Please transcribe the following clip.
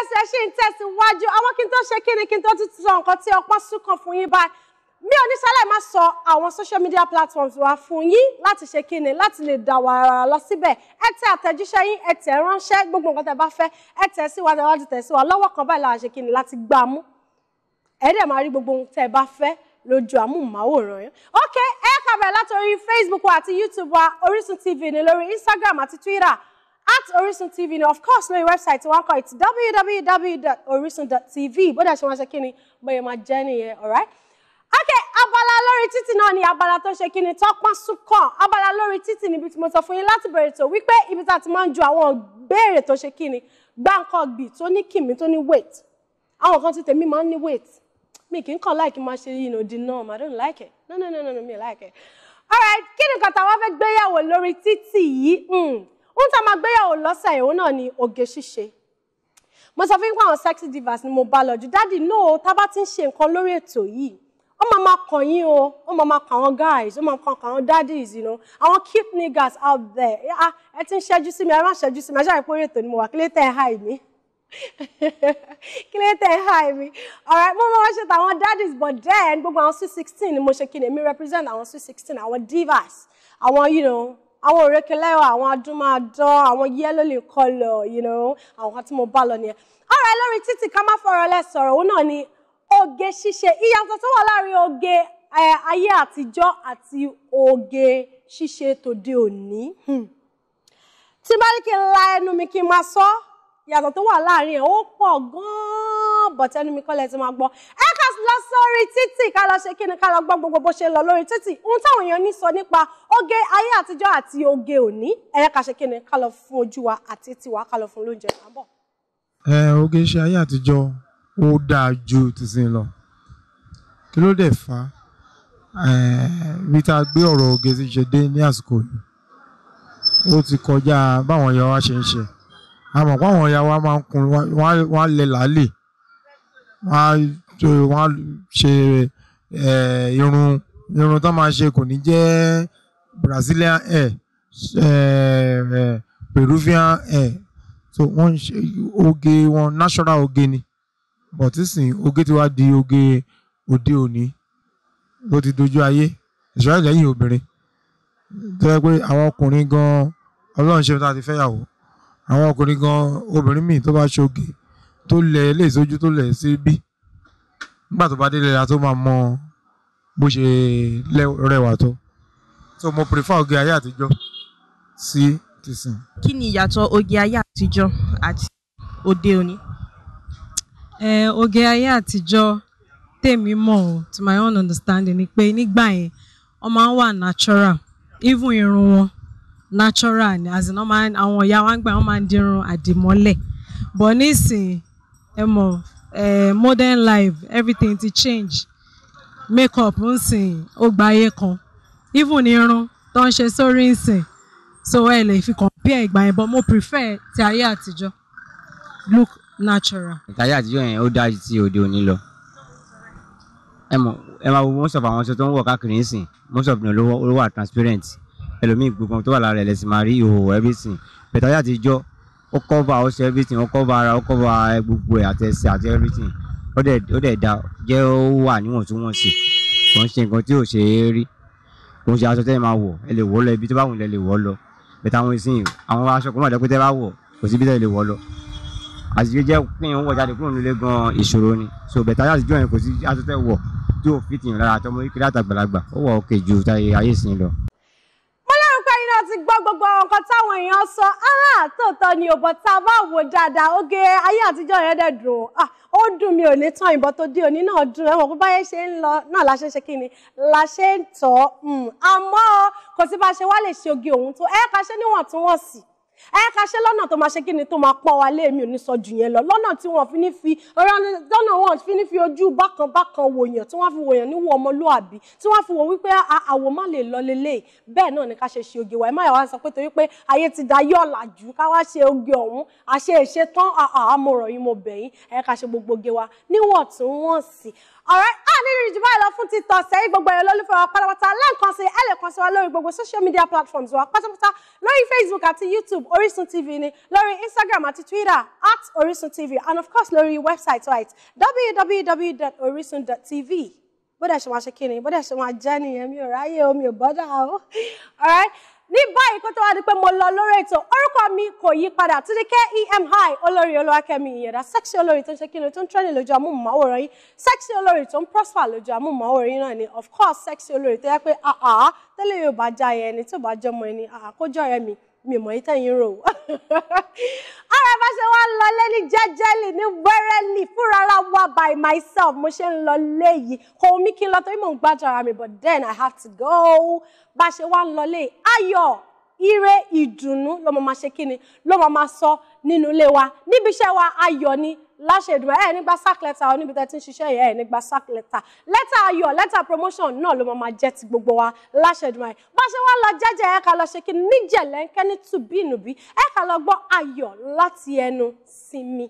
ẹsẹ̀ ṣì ń tẹ̀síwájú àwọn kí n tó ṣe kí ni kí n tó tún sọ nǹkan tí ọpọ́n sún kan fún yín báyìí mi ò ní sálẹ̀ má sọ àwọn social media platforms wa fún yín láti ṣe kí ni láti lè dà wà rárá lọ síbẹ̀ ẹ tẹ àtẹ̀jíṣẹ́ yín ẹ tẹ̀ ránṣẹ́ gbogbo nǹkan tẹ bá fẹ́ ẹ tẹ̀ sí wa tẹ̀wájú tẹ̀ sí wa lọ́wọ́ kan báyìí láti ṣe kí ni láti gbà mú ẹ dẹ̀ máa rí gbogbo ohun tẹ bá fẹ́ lójú amóhùnmáwòrán yẹn ok ẹ kàbẹ̀ látòrí Facebook wa àti YouTube wa Orísun TV ni lórí Instagram àti Twitter at Orisun TV ni of course lórí website wa kọ it's www.orisun.tv bóde ṣe wọn ṣe kí ni bóyá máa jẹ́ nìyẹn alright. okay abala lórí títì náà ni abala tó ṣe kí ni tọ́pọ́n súnkàn abala lórí títì níbi tí mo sọ fún yín láti bẹ̀rẹ̀ tó wípé ibi tá a ti máa ń ju àwọn béèrè tó ṣe kí ni gbáǹkọ́gbì tó ní kìmí to ní weight àwọn kan ti tèmi máa ń ní weight mi kì í kàn láìkí máa ṣe yìí nòdì náà mà don't like it no no no no no. Me like it alright kí ni kàtà wá fẹ́ gbéyàwó lórí títì yìí hmm ohun tá a máa gbéyàwó lọ́sẹ̀ ìhun náà ni oge ṣíṣe mo sọ fún àwọn sexy divas ni mo bá lọ jù dáàdì náà tá a bá ti ń ṣe nǹkan lórí ètò yìí ó máa máa kàn yín o ó máa máa kàn àwọn guys ó máa kàn kàn àwọn daddies you know àwọn cute niggas out there ah, ẹ ti ń ṣẹ́jú sí mi ẹ má ṣẹ́jú sí mi ẹ ṣáà ìpórí ètò ni mo wà kí lè tẹ́ ẹ háì mi kí lè tẹ́ ẹ háì mi alright mo máa wá ṣe tàwọn daddies but then gbogbo àwọn sweet sixteen ni mo ṣe kí ni èmi represent àwọn sweet sixteen àwọn divas àwọn you know àwọn òrékelẹ́wà àwọn adúmáadán àwọn yẹ́lò lè kọlọ̀ you know àwọn tí mo bá lọ nìyẹn. ọ̀rọ̀ lórí títì ká má fọ̀rọ̀ lẹ̀ sọ̀rọ̀ òun náà ni oge ṣíṣe ìyàtọ̀ tó wà láàrin oge ayé àtijọ́ àti oge ṣíṣe tòde òní. Hmm. tí bá ní kí n la ẹnu mi kí n máa sọ ọ́ yàtọ̀ tó wà láàrin ẹ̀ ó pọ̀ gan-an bọ̀tẹ́ ẹnu mi kọ́lẹ̀ tí máa gbọ́ ẹ ká lọ sórí títì ká lọ ṣe kíni ká lọ gbọ́ gbogbo bó ṣe lọ lórí títì ohun táwọn èèyàn ní sọ nípa oge ayé àtijọ́ àti oge òní ẹ ká ṣe kíni ká lọ fún ojú wa àti tiwa ká lọ fún lóúnjẹ àbọ̀. ẹ oge iṣẹ́ ayé àtijọ́ ó dáa ju tìsín lọ kí ló dé fà á bí tá a gbé ọ̀rọ̀ oge ti ṣe dé ní àsìkò yìí ó ti kọjá báwọn èèyàn wa ṣe ń ṣe a mọ̀ pé àwọn ìyá wa máa ń kun wọ́n á lẹ làálì wọ́n á ṣe irun irun tó máa ṣe kò ní jẹ́ Brazilian hair Peruvian hair so wọ́n ṣe oge wọn national oge ni but sísìn oge ti wá di oge òde òní ló ti dojú ayé ìṣòro ìlẹ́yìn obìnrin tó yẹ pé àwọn ọkùnrin gan ọlọ́run ṣe tá a ti fẹ́ yàwó. àwọn ọkùnrin gan obìnrin míì tó bá ṣoge tó lẹ ilé ìsojú tó lẹ sí bí nígbà tó bá délé la tó máa mọ bó ṣe rẹwà tó so mo prefer oge ayé àtijọ sí tìsín. kí ni ìyàtọ̀ oge ayé àtijọ́ àti òde òní. oge ayé àtijọ́ tèmi mọ̀ to my own understanding ni pé nígbà yẹn wọ́n máa ń wà natural even irun wọn natural ni as in àwọn ìyá wa ń gbà wọ́n máa ń dirun àdìmọ́lẹ̀ but nísìnyí ẹ mọ̀ modern life everything ti change makeup ń sìn ó gba ayé kan even irun tó ń ṣe sórí ń sìn so ẹ lè fi compare ìgbà yẹn but mo prefer ti ayé àtijọ́ look natural. ìtayé àtijọ́ yẹn ó dájú tí òde òní lọ ẹ mọ̀ ẹ máa wo most of àwọn aṣọ tó ń wọ̀ káàkiri ń sìn most of them ló are transparent ẹlòmíì gbogbo tó wà lára ẹ̀ lẹ́sìn máa rí ìhòòhò everything bẹ̀tẹ̀ ayé àtijọ́ ó cover ọṣẹ everything ó cover ara ó cover gbogbo ẹ̀ àti ẹsẹ̀ àti everything ó dẹ̀ ó dẹ̀ da jẹ́ ó wà níwọ̀ntúnwọ̀nsì kò ń ṣe nǹkan tí ò ṣe é rí kò ń ṣe aṣọ tẹ́lẹ̀ máa wọ̀ ẹ lè wọ̀ lọ ibi tó bá wù ú lẹ lè wọ̀ lọ bẹ̀tẹ̀ àwọn ìsìn àwọn aṣọ kò má dẹ́ pé tẹ́ bá wọ̀ kò sí ibi tẹ́ lè wọ̀ lọ àṣìṣe jẹ́ pé ń wọ̀ jáde kúrò nílé gan ìṣòro ni so bẹ̀tẹ̀ ayé àtijọ́ yẹn kò sí aṣọ tẹ́ wọ̀ tí ò fi tìyàn lára àtọmọ ìkéré àtàgbàlagbà ó wọ̀ òkè ju táyé ayé ìsìn lọ nǹkan táwọn èèyàn sọ tóòtọ́ ni òbọ̀ tá a bá wò dáadáa oge ayé àtijọ́ yẹn dẹ̀ dùn ah, ó dùn mí ò ní tán ìbọn tó dé òní náà dùn ẹ̀wọ̀n pípa yẹn ṣe ń lọ náà la ṣe ń ṣe kí ni la ṣe ń tọ́ hmm, àmọ́ kò sí bá a ṣe wá lè ṣe oge òun tó ẹ̀ ká ṣe níwọ̀ntúnwọ̀nsì ẹ ká ṣe lọ́nà tó máa ṣe kí ni tó máa pọ́n wa léèmí ò ní sọ jù yẹn lọ lọ́nà tí wọ́n fi ní fi lọ́nà wọn fi ní fi ojú bákan bákan wòyàn tí wọ́n fi wòyàn níwò ọmọlúàbí tí wọ́n fi wò wípé àwò má lè lọ lélẹ̀ bẹ́ẹ̀ náà ni ká ṣe ṣe oge wa ẹ má yà wá sọ pé torí pé ayé ti da yọ̀ làjú ká wá ṣe oge ọ̀hún àṣe ìṣe tán àmọ̀ràn yìí mo bẹ̀ yín ẹ ká ṣe gbogbo oge wa níwọ̀ntúnwọ̀nsì ọ̀rẹ́ àdínrín ìjùbọ àìlọ fún ti tọ̀sẹ̀ gbogbo ẹ̀rọ lólùfẹ́ wa pátápátá lẹ́ẹ̀kan sí ẹ lè kàn sí wa lórí gbogbo social media platforms wa pátápátá lórí Facebook àti YouTube Orisun TV ni lórí Instagram àti Twitter at Orisun TV and of course lórí website right www.orisun.tv bódà ṣe máa ṣe kí ni bódà ṣe máa jẹ́ nìyẹn mi ò ráyè o ò bọ́dà o all right ní báyìí kó tó wá di pé mo lọ lórí ètò orúkọ mi kò yí padà títí kemi e olórí olúwakẹ́mi ìyẹ̀dá sẹ́kṣì olórí tó ń ṣe kí ni tó ń trẹ́lẹ̀ lójú amóhùnmáwòrán yìí sẹ́kṣì olórí tó ń prosper lójú amóhùnmáwòrán yìí náà ni of course sẹ́kṣì olórí tó yẹ pé àá tẹ́lẹ̀ yóò bá já ẹni tó bá jọmọ ẹni àá kó mi mi ò mọ̀ yí tẹ̀yìn rò ó. ọ̀rọ̀ bá ṣe wá lọlé ní jẹ́jẹ́lì ní wẹ́rẹ́lì fúnrara wa by myself mo ṣe ń lọlé yìí kò mí kí n lọ torí mò ń gbájú ara mi but then I have to go bá ṣe wá lọlé ayọ̀ ire ìdùnnú ló máa máa ṣe kí ni ló máa máa sọ nínú ilé wa níbi iṣẹ́ wa ayọ̀ ni láṣẹ ìdùnnú nígbà sack letter oníbi tẹ́ ti ń ṣiṣẹ́ yẹn ẹ̀ nígbà sack letter lẹ́tà ayọ̀ lẹ́tà promotion náà ló máa máa jẹ́ ti gbogbo wa láṣẹ ìdùnnú ẹ̀ bá ṣe wá lọ jẹ́jẹ́ ẹ̀ ká lọ ṣe kí ni níjẹ̀lẹ́ńkẹ́ ní tùbínùbí ẹ̀ ká lọ gbọ́ ayọ̀ láti ẹnu sinmi